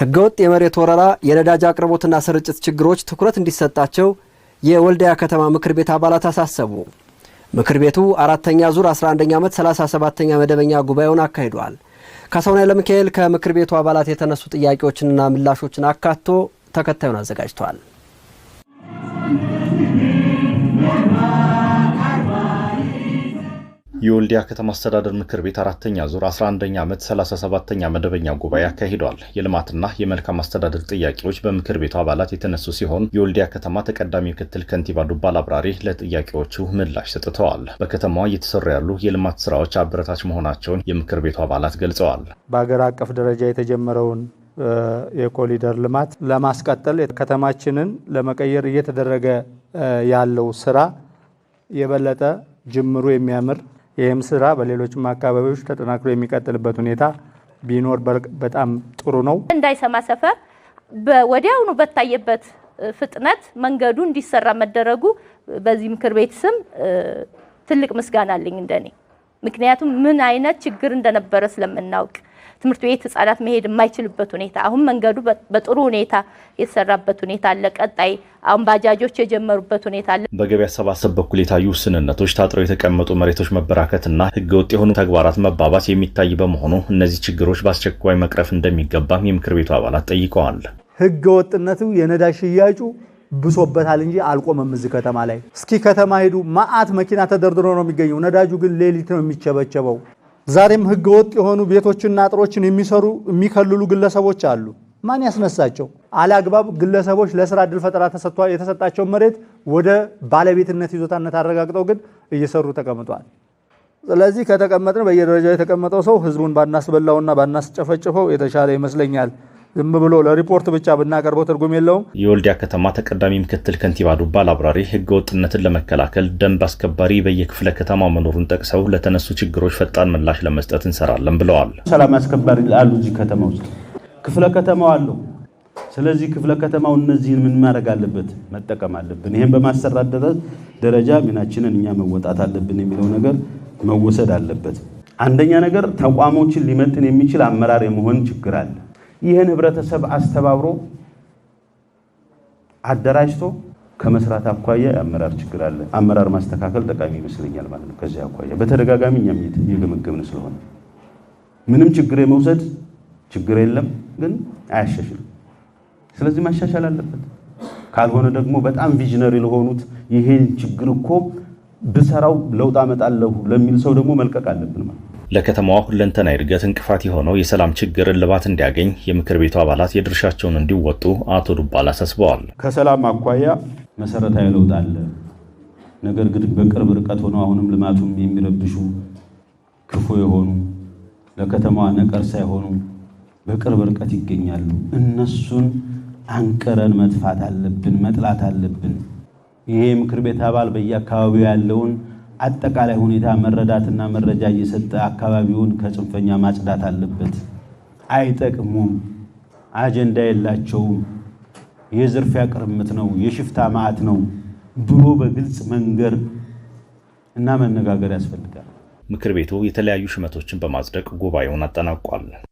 ህገወጥ የመሬት ወረራ፣ የነዳጅ አቅርቦትና ስርጭት ችግሮች ትኩረት እንዲሰጣቸው የወልዲያ ከተማ ምክር ቤት አባላት አሳሰቡ። ምክር ቤቱ አራተኛ ዙር 11ኛ ዓመት 37ኛ መደበኛ ጉባኤውን አካሂዷል። ካሳሁን ኃይለሚካኤል ከምክር ቤቱ አባላት የተነሱ ጥያቄዎችንና ምላሾችን አካቶ ተከታዩን አዘጋጅቷል። የወልዲያ ከተማ አስተዳደር ምክር ቤት አራተኛ ዙር 11ኛ ዓመት 37ኛ መደበኛ ጉባኤ አካሂዷል። የልማትና የመልካም አስተዳደር ጥያቄዎች በምክር ቤቱ አባላት የተነሱ ሲሆን የወልዲያ ከተማ ተቀዳሚ ምክትል ከንቲባ ዱባል አብራሪ ለጥያቄዎቹ ምላሽ ሰጥተዋል። በከተማዋ እየተሰሩ ያሉ የልማት ስራዎች አበረታች መሆናቸውን የምክር ቤቱ አባላት ገልጸዋል። በሀገር አቀፍ ደረጃ የተጀመረውን የኮሊደር ልማት ለማስቀጠል ከተማችንን ለመቀየር እየተደረገ ያለው ስራ የበለጠ ጅምሩ የሚያምር ይህም ስራ በሌሎችም አካባቢዎች ተጠናክሮ የሚቀጥልበት ሁኔታ ቢኖር በጣም ጥሩ ነው። እንዳይሰማ ሰፈር ወዲያውኑ በታየበት ፍጥነት መንገዱ እንዲሰራ መደረጉ በዚህ ምክር ቤት ስም ትልቅ ምስጋና አለኝ እንደኔ። ምክንያቱም ምን አይነት ችግር እንደነበረ ስለምናውቅ ትምህርት ቤት ህጻናት መሄድ የማይችልበት ሁኔታ አሁን መንገዱ በጥሩ ሁኔታ የተሰራበት ሁኔታ አለ። ቀጣይ አሁን ባጃጆች የጀመሩበት ሁኔታ አለ። በገቢ አሰባሰብ በኩል የታዩ ውስንነቶች፣ ታጥረው የተቀመጡ መሬቶች መበራከት ህገ ህገወጥ የሆኑ ተግባራት መባባስ የሚታይ በመሆኑ እነዚህ ችግሮች በአስቸኳይ መቅረፍ እንደሚገባም የምክር ቤቱ አባላት ጠይቀዋል። ህገወጥነቱ የነዳጅ ሽያጩ ብሶበታል እንጂ አልቆመም። እዚህ ከተማ ላይ እስኪ ከተማ ሄዱ፣ ማአት መኪና ተደርድሮ ነው የሚገኘው። ነዳጁ ግን ሌሊት ነው የሚቸበቸበው። ዛሬም ህገ ወጥ የሆኑ ቤቶችና አጥሮችን የሚሰሩ የሚከልሉ ግለሰቦች አሉ። ማን ያስነሳቸው? አላግባብ ግለሰቦች ለስራ እድል ፈጠራ የተሰጣቸውን መሬት ወደ ባለቤትነት ይዞታነት አረጋግጠው ግን እየሰሩ ተቀምጧል። ስለዚህ ከተቀመጥን በየደረጃው የተቀመጠው ሰው ህዝቡን ባናስበላውና ባናስጨፈጭፈው የተሻለ ይመስለኛል። ዝም ብሎ ለሪፖርት ብቻ ብናቀርበው ትርጉም የለውም። የወልዲያ ከተማ ተቀዳሚ ምክትል ከንቲባ ዱባ ላብራሪ ህገ ወጥነትን ለመከላከል ደንብ አስከባሪ በየክፍለ ከተማ መኖሩን ጠቅሰው ለተነሱ ችግሮች ፈጣን ምላሽ ለመስጠት እንሰራለን ብለዋል። ሰላም አስከባሪ አሉ እዚህ ከተማ ውስጥ ክፍለ ከተማው አለው። ስለዚህ ክፍለ ከተማው እነዚህን ምን ማድረግ አለበት መጠቀም አለብን። ይህም በማሰራት ደረጃ ሚናችንን እኛ መወጣት አለብን የሚለው ነገር መወሰድ አለበት። አንደኛ ነገር ተቋሞችን ሊመጥን የሚችል አመራር የመሆን ችግር አለ። ይህን ህብረተሰብ አስተባብሮ አደራጅቶ ከመስራት አኳያ የአመራር ችግር አለ። አመራር ማስተካከል ጠቃሚ ይመስለኛል ማለት ነው። ከዚህ አኳያ በተደጋጋሚ እኛም እየገመገምን ስለሆነ ምንም ችግር የመውሰድ ችግር የለም፣ ግን አያሻሽልም። ስለዚህ ማሻሻል አለበት። ካልሆነ ደግሞ በጣም ቪዥነሪ ለሆኑት ይሄን ችግር እኮ ብሰራው ለውጥ አመጣለሁ ለሚል ሰው ደግሞ መልቀቅ አለብን ማለት ለከተማዋ ሁለንተና እድገት እንቅፋት የሆነው የሰላም ችግር እልባት እንዲያገኝ የምክር ቤቱ አባላት የድርሻቸውን እንዲወጡ አቶ ዱባል አሳስበዋል። ከሰላም አኳያ መሰረታዊ ለውጥ አለ። ነገር ግን በቅርብ ርቀት ሆነው አሁንም ልማቱም የሚረብሹ ክፉ የሆኑ ለከተማዋ ነቀርሳ የሆኑ በቅርብ ርቀት ይገኛሉ። እነሱን አንቀረን መጥፋት አለብን፣ መጥላት አለብን። ይሄ የምክር ቤት አባል በየአካባቢው ያለውን አጠቃላይ ሁኔታ መረዳትና መረጃ እየሰጠ አካባቢውን ከጽንፈኛ ማጽዳት አለበት። አይጠቅሙም፣ አጀንዳ የላቸውም፣ የዝርፊያ ቅርምት ነው፣ የሽፍታ ማዕት ነው ብሎ በግልጽ መንገር እና መነጋገር ያስፈልጋል። ምክር ቤቱ የተለያዩ ሹመቶችን በማጽደቅ ጉባኤውን አጠናቋል።